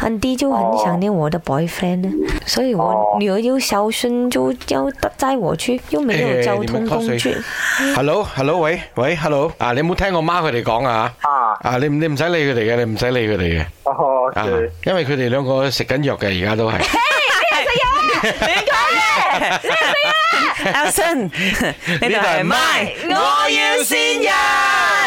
很啲就很想念我的 boyfriend，所以我女兒又孝順，就要帶載我去，又沒有交通工具。Hello，Hello，喂喂，Hello，啊你有冇聽我媽佢哋講啊，啊，啊你你唔使理佢哋嘅，你唔使理佢哋嘅，啊，因為佢哋兩個食緊藥嘅而家都係，食藥，你講嘅，你唔理啊，Alison，你台麥，我要先。